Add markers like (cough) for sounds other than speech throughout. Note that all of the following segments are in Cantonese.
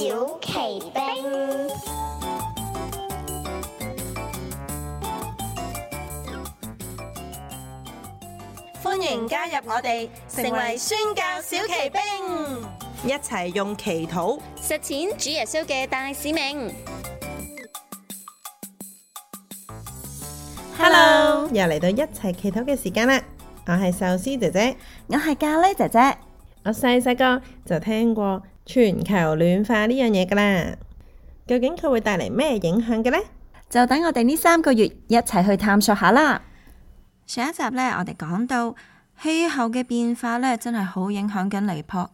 小奇兵，歡迎加入我哋，成為宣教小奇兵，一齊用祈禱實踐主耶穌嘅大使命。Hello，又嚟到一齊祈禱嘅時間啦！我係壽司姐姐，我係咖喱姐姐。我細細個就聽過全球暖化呢樣嘢噶啦，究竟佢會帶嚟咩影響嘅呢？就等我哋呢三個月一齊去探索下啦。上一集呢，我哋講到氣候嘅變化呢，真係好影響緊尼泊爾。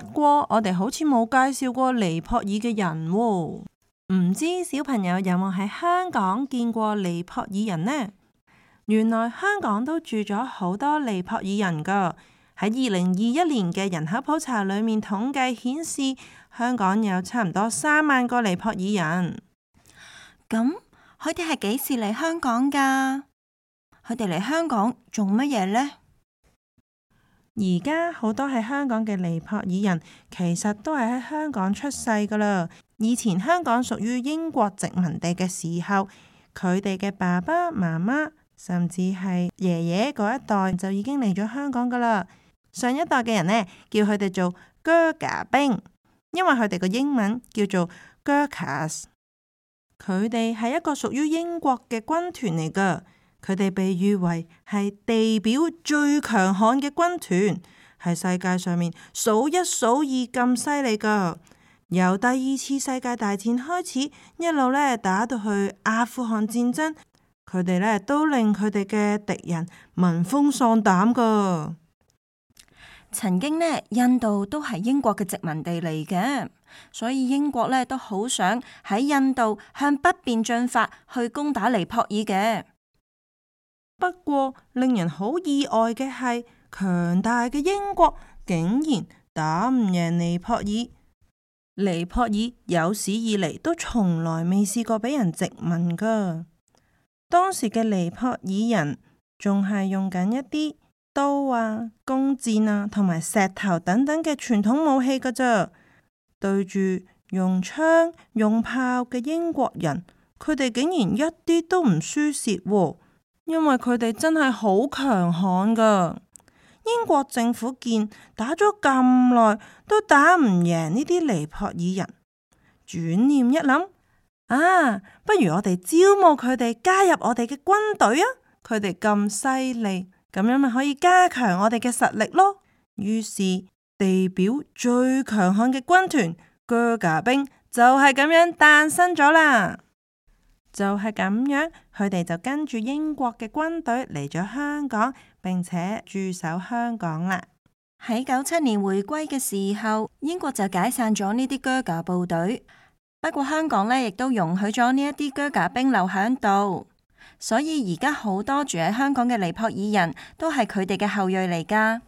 不過我哋好似冇介紹過尼泊爾嘅人喎，唔知小朋友有冇喺香港見過尼泊爾人呢？原來香港都住咗好多尼泊爾人噶。喺二零二一年嘅人口普查裏面統計顯示，香港有差唔多三萬個尼泊爾人。咁佢哋係幾時嚟香港噶？佢哋嚟香港做乜嘢呢？而家好多喺香港嘅尼泊爾人，其實都係喺香港出世噶啦。以前香港屬於英國殖民地嘅時候，佢哋嘅爸爸媽媽甚至係爺爺嗰一代就已經嚟咗香港噶啦。上一代嘅人呢，叫佢哋做啹喀兵，因為佢哋嘅英文叫做 Gurkhas。佢哋係一個屬於英國嘅軍團嚟噶，佢哋被譽為係地表最強悍嘅軍團，係世界上面數一數二咁犀利噶。由第二次世界大戰開始，一路呢打到去阿富汗戰爭，佢哋呢都令佢哋嘅敵人聞風喪膽噶。曾經呢，印度都係英國嘅殖民地嚟嘅，所以英國呢都好想喺印度向北邊進發去攻打尼泊爾嘅。不過令人好意外嘅係，強大嘅英國竟然打唔贏尼泊爾。尼泊爾有史以嚟都從來未試過俾人殖民㗎。當時嘅尼泊爾人仲係用緊一啲。刀啊、弓箭啊、同埋石頭等等嘅傳統武器噶咋？對住用槍用炮嘅英國人，佢哋竟然一啲都唔輸蝕喎，因為佢哋真係好強悍噶。英國政府見打咗咁耐都打唔贏呢啲尼泊爾人，轉念一諗啊，不如我哋招募佢哋加入我哋嘅軍隊啊！佢哋咁犀利。咁樣咪可以加強我哋嘅實力咯。於是地表最強悍嘅軍團啹喀兵就係咁樣誕生咗啦。就係咁樣，佢哋就跟住英國嘅軍隊嚟咗香港，並且駐守香港啦。喺九七年回歸嘅時候，英國就解散咗呢啲啹喀部隊。不過香港呢，亦都容許咗呢一啲啹喀兵留喺度。所以而家好多住喺香港嘅尼泊爾人都係佢哋嘅後裔嚟㗎。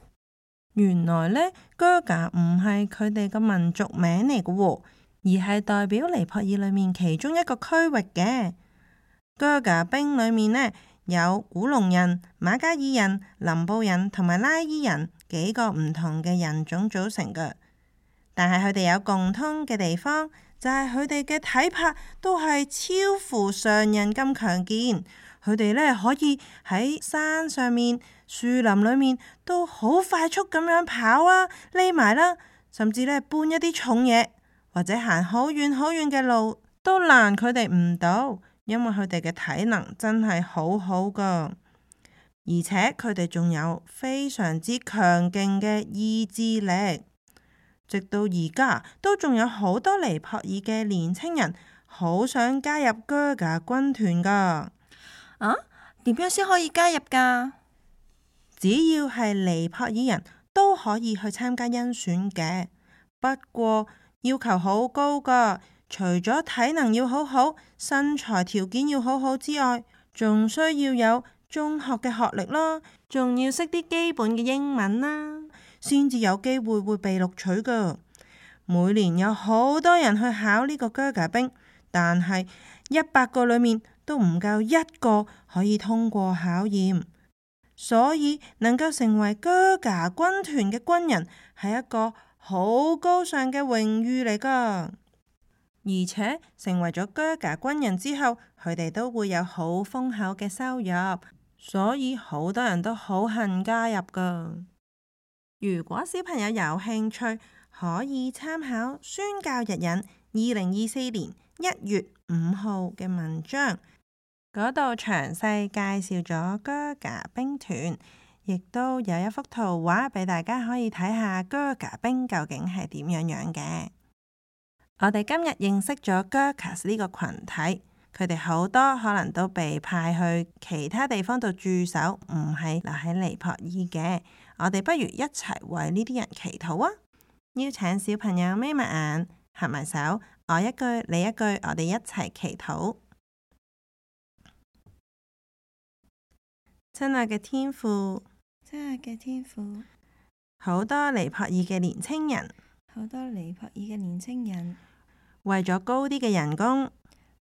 原來呢 Gurkha 唔係佢哋個民族名嚟嘅，而係代表尼泊爾裏面其中一個區域嘅。Gurkha 兵裏面呢，有古龍人、馬加爾人、林布人同埋拉伊人幾個唔同嘅人種組成嘅，但係佢哋有共通嘅地方。就係佢哋嘅體魄都係超乎常人咁強健，佢哋咧可以喺山上面、樹林裡面都好快速咁樣跑啊、匿埋啦，甚至咧搬一啲重嘢或者行好遠好遠嘅路都難佢哋唔到，因為佢哋嘅體能真係好好㗎，而且佢哋仲有非常之強勁嘅意志力。直到而家都仲有好多尼泊爾嘅年青人好想加入 Gurkha 軍團噶。啊？點樣先可以加入噶？只要係尼泊爾人都可以去參加甄選嘅，不過要求好高噶。除咗體能要好好、身材條件要好好之外，仲需要有中學嘅學歷咯，仲要識啲基本嘅英文啦。先至有機會會被錄取噶。每年有好多人去考呢個啹喀兵，但係一百個裏面都唔夠一個可以通過考驗。所以能夠成為啹喀軍團嘅軍人係一個好高尚嘅榮譽嚟噶。而且成為咗啹喀軍人之後，佢哋都會有好豐厚嘅收入，所以好多人都好恨加入噶。如果小朋友有興趣，可以參考《宣教日引》二零二四年一月五號嘅文章，嗰度詳細介紹咗 Gurkha 兵團，亦都有一幅圖畫俾大家可以睇下 Gurkha 兵究竟係點樣樣嘅。我哋今日認識咗 Gurkhas 呢個群體。佢哋好多可能都被派去其他地方度駐守，唔係留喺尼泊爾嘅。我哋不如一齊為呢啲人祈禱啊！邀請小朋友眯埋眼，合埋手，我一句你一句，我哋一齊祈禱。親愛嘅天父，親愛嘅天父，好多尼泊爾嘅年輕人，好多尼泊爾嘅年輕人，為咗高啲嘅人工。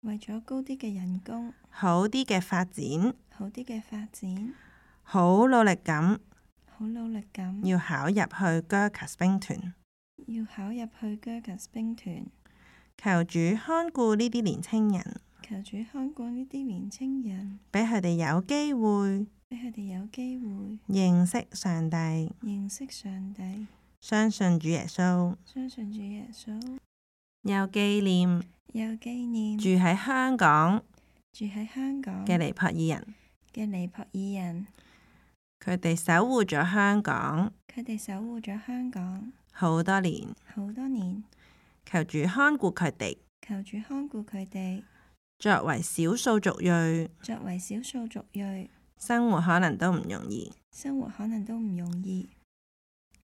為咗高啲嘅人工，好啲嘅發展，好啲嘅發展，好努力咁，好努力咁，要考入去 Gurkhas 兵團，要考入去 Gurkhas 兵團，求主看顧呢啲年青人，求主看顧呢啲年輕人，俾佢哋有機會，俾佢哋有機會認識上帝，認識上帝，相信主耶穌，相信主耶穌。有紀念，有紀念住喺香港，住喺香港嘅尼泊爾人，嘅尼泊爾人，佢哋守護咗香港，佢哋守護咗香港好多年，好多年，求主看顧佢哋，求主看顧佢哋，作為少數族裔，作為少數族裔，生活可能都唔容易，生活可能都唔容易。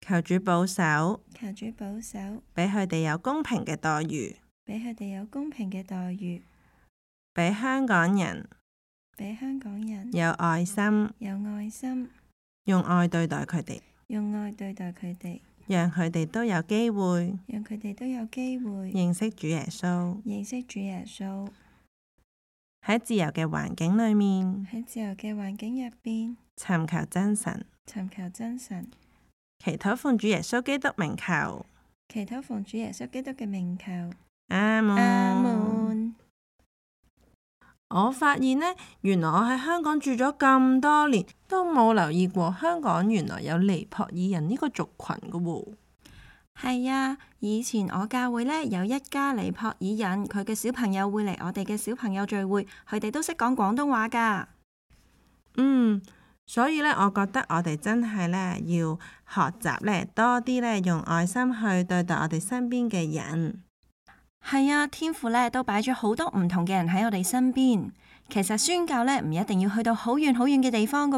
求主保守，求主保守，俾佢哋有公平嘅待遇，俾佢哋有公平嘅待遇，俾香港人，俾香港人有愛心，有愛心，用愛對待佢哋，用愛對待佢哋，讓佢哋都有機會，讓佢哋都有機會認識主耶穌，認識主耶穌，喺自由嘅環境裏面，喺自由嘅環境入邊尋求真神，尋求真神。祈禱奉主耶穌基督名求，祈禱奉主耶穌基督嘅名求。阿們。阿們。我發現呢，原來我喺香港住咗咁多年，都冇留意過香港原來有尼泊爾人呢個族群噶喎。係啊，以前我教會呢，有一家尼泊爾人，佢嘅小朋友會嚟我哋嘅小朋友聚會，佢哋都識講廣東話噶。嗯。所以咧，我覺得我哋真係咧要學習咧多啲咧用愛心去對待我哋身邊嘅人。係啊， (noise) 天父咧都擺咗好多唔同嘅人喺我哋身邊。其實宣教咧唔一定要去到好遠好遠嘅地方噶，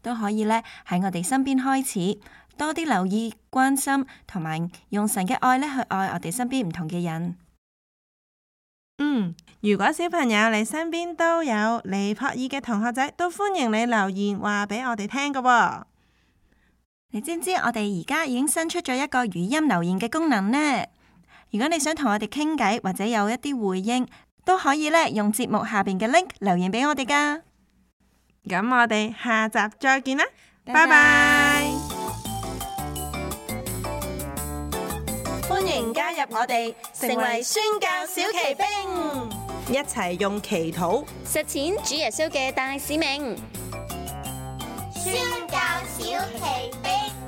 都可以咧喺我哋身邊開始多啲留意、關心同埋用神嘅愛咧去愛我哋身邊唔同嘅人。嗯，如果小朋友你身邊都有尼泊爾嘅同學仔，都歡迎你留言話俾我哋聽㗎。你知唔知我哋而家已經新出咗一個語音留言嘅功能呢？如果你想同我哋傾偈或者有一啲回應，都可以咧用節目下邊嘅 link 留言俾我哋㗎。咁我哋下集再見啦，拜拜 bye。Bye bye 歡迎加入我哋，成為宣教小奇兵，一齊用祈禱實踐主耶穌嘅大使命。宣教小奇兵。